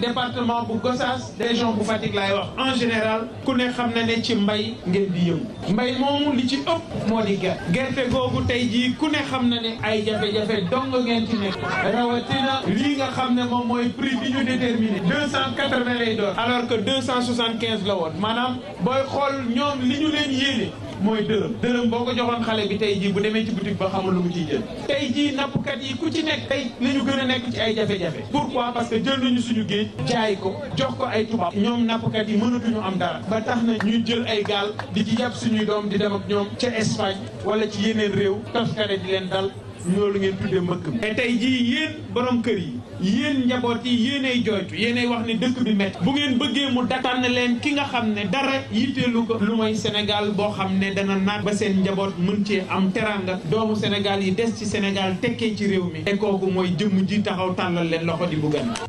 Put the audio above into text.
département bu Gossas région bu Fatick laay wax en général ku ne xam na ne ci mbay ngeen di yëngu mbay moomu li ci ëpp moo di gerte gerte googu tey jii ku ne xam na ne ay jafe-jafe dong ngeen ci nekk rawatina lii nga xam ne moom mooy prix bi ñu déterminé deux cent quatre-vingts lay doon alors que la woon maanaam booy xool ñoom li ñu leen yéene mooy dërëm dërëm boo ko joxoon xale bi tey jii bu demee ci boutique ba xamul lu mu ciy jël tey jii nappkat yi ku ci nekk tey la ñu gën a nekk ci ay jafe-jafe pourquoi parce que jël nañu suñu géej jaay ko jox ko ay tubaab ñoom nappkat yi mënatuñu am dara ba tax na ñuy jël ay gaal di ci yàpp suñuy doom di dem ak ñoom ca Espagne wala ci yeneen réew toskare di leen dal loolu ngeen tuddee mbëkk mi te tey jii yéen borom kër yi yéen njaboot yi yéenay jooytu yéenay wax ni dëkk bi métti bu ngeen bëggee mu dataan leen ki nga xam ne dara yitteelu ko lu mooy Sénégal boo xam ne dana naat ba seen njaboot mën cee am teranga doomu Sénégal yi des ci Sénégal tekkee ci réew mi te kooku mooy jëmm ji taxaw tàllal leen loxo di buggan